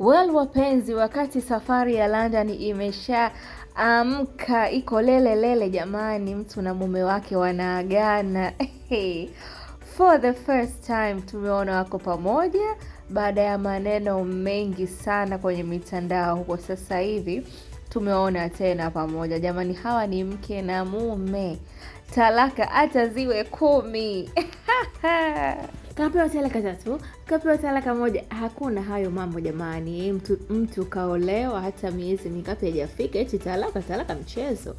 Well, wapenzi, wakati safari ya London imesha amka um, iko lele lele jamani, mtu na mume wake wanaagana hey. For the first time tumeona wako pamoja baada ya maneno mengi sana kwenye mitandao huko. Sasa hivi tumeona tena pamoja jamani, hawa ni mke na mume, talaka hata ziwe kumi Kapewa talaka tatu, kapewa talaka moja. Hakuna hayo mambo jamani. Mtu mtu kaolewa hata miezi mingapi hajafika, eti talaka talaka, mchezo.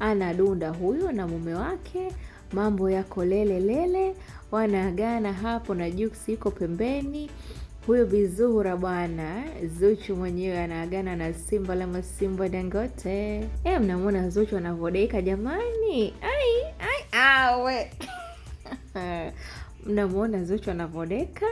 Anadunda huyo na mume wake, mambo yako lele lele, wanaagana hapo na juksi iko pembeni. Huyo Bizura bwana, Zuchu mwenyewe anaagana na Simba la Masimba Dangote. E, mnamwona Zuchu anavodeka jamani, ai ai awe mnamwona Zuchu anavodeka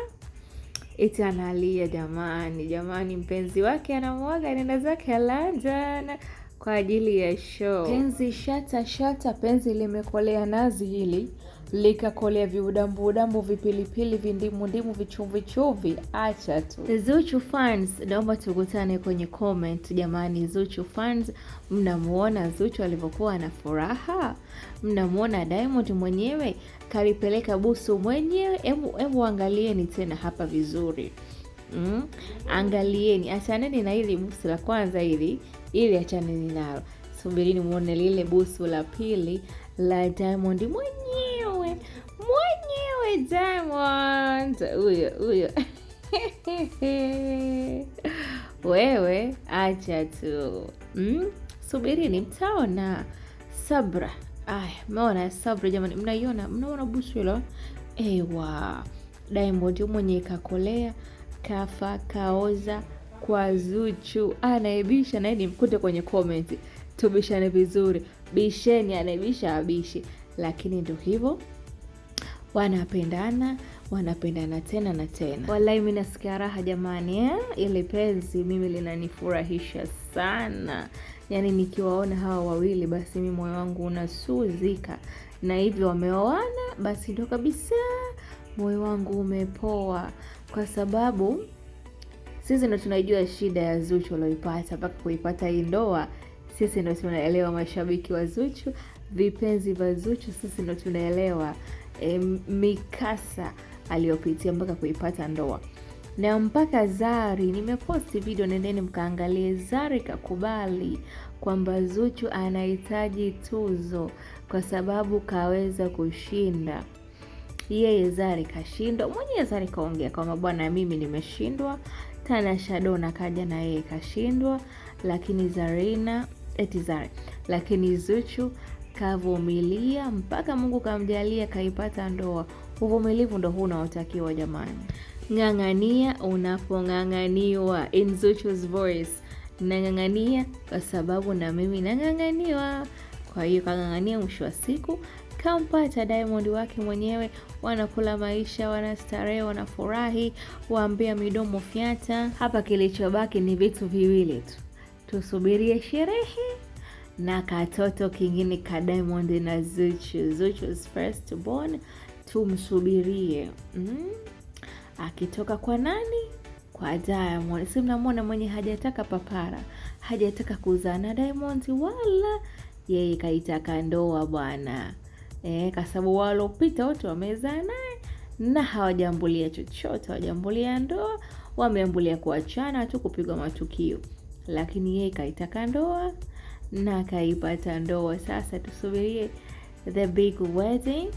eti analia, jamani, jamani, mpenzi wake anamwaga, anaenda zake London kwa ajili ya show. Penzi shata shata, penzi limekolea nazi hili likakolea viudambuudambu, vipilipili, vindimundimu, vichuvichuvi, acha tu. Zuchu fans, naomba tukutane kwenye comment jamani. Zuchu fans, mnamuona Zuchu alivyokuwa na furaha? Mnamuona Diamond mwenyewe kalipeleka busu mwenyewe? Hebu hebu angalieni tena hapa vizuri. Mm. Angalieni, achaneni na hili busu la kwanza hili ili achaneni nalo, subirini muone lile busu la pili la Diamond mwenyewe. Hey Diamond, huyo huyo wewe acha tu mm? Subirini mtaona sabra. Aya, mmeona sabra jamani, mnaiona mnaona bushula. Ewa, Diamond mwenye kakolea kafa kaoza kwa Zuchu, anayebisha naye mkute kwenye komenti, tubishane vizuri, bisheni, anayebisha abishi, lakini ndo hivyo wanapendana wanapendana tena na tena. Wallahi mi nasikia raha jamani eh? ili penzi mimi linanifurahisha sana, yaani nikiwaona hawa wawili basi mi moyo wangu unasuzika, na hivyo wameoana, basi ndo kabisa moyo wangu umepoa, kwa sababu sisi ndo tunajua shida ya Zuchu alioipata mpaka kuipata hii ndoa. Sisi ndo tunaelewa mashabiki wa Zuchu, vipenzi vya Zuchu, sisi ndo tunaelewa mikasa aliyopitia mpaka kuipata ndoa na mpaka Zari. Nimeposti video, nendeni mkaangalie. Zari kakubali kwamba Zuchu anahitaji tuzo kwa sababu kaweza kushinda yeye. Zari kashindwa mwenyewe. Zari kaongea kwamba bwana, mimi nimeshindwa. Tanasha Donna kaja na yeye kashindwa, lakini Zarina eti Zari, lakini Zuchu kavumilia mpaka Mungu kamjalia kaipata ndoa. Uvumilivu ndo huu unaotakiwa jamani. Ng'ang'ania unapong'ang'aniwa. In Zuchu's voice, nang'ang'ania kwa sababu na mimi nang'ang'aniwa. Kwa hiyo kang'ang'ania, mwisho wa siku kampata Diamond wake mwenyewe, wanakula maisha, wanastarehe, wanafurahi, waambia midomo fyata. Hapa kilichobaki ni vitu viwili tu, tusubirie sherehe na katoto kingine ka Diamond na Zuchu, Zuchu's first born, tumsubirie mm? akitoka kwa nani? Kwa Diamond. Si mnamwona mwenye hajataka papara, hajataka kuzaa na Diamond wala yeye, kaitaka ndoa bwana e, kwa sababu walopita wote wamezaa naye na hawajambulia chochote, hawajambulia ndoa, wameambulia kuachana tu, kupigwa matukio, lakini yeye kaitaka ndoa na kaipata ndoa. Sasa tusubirie the big wedding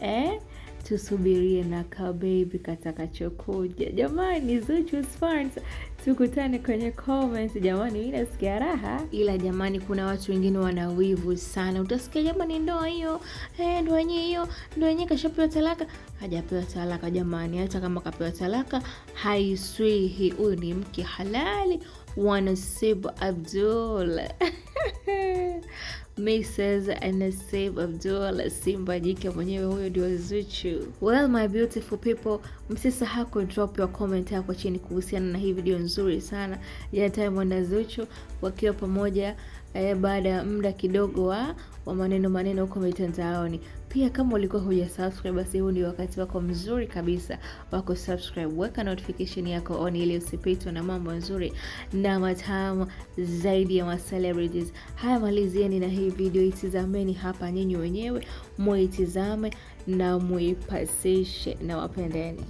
eh? Tusubirie na kabebi katakachokuja jamani, Zuchu's fans tukutane kwenye comment. Jamani, mimi nasikia raha, ila jamani, kuna watu wengine wana wivu sana. Utasikia jamani, ndoa hiyo eh, ndoa yenyewe hiyo, ndoa yenyewe kashapewa talaka, hajapewa talaka. Jamani, hata kama kapewa talaka haiswihi, huyu ni mke halali wa Nasibu Abdul Mrs. Nasib Abdul Simba jike mwenyewe huyo ndio Zuchu. Well my beautiful people, msisahau ku drop your comment hapo chini kuhusiana na hii video nzuri sana ya Diamond na Zuchu wakiwa pamoja eh, baada ya muda kidogo wa maneno maneno huko mitandaoni. Pia kama ulikuwa huja subscribe, basi huu ni wakati wako mzuri kabisa wako subscribe, weka notification yako on ili usipitwe na mambo nzuri na matamu zaidi ya celebrities. Haya, malizieni na hii video, itizameni hapa nyinyi wenyewe muitizame na muipasishe na wapendeni.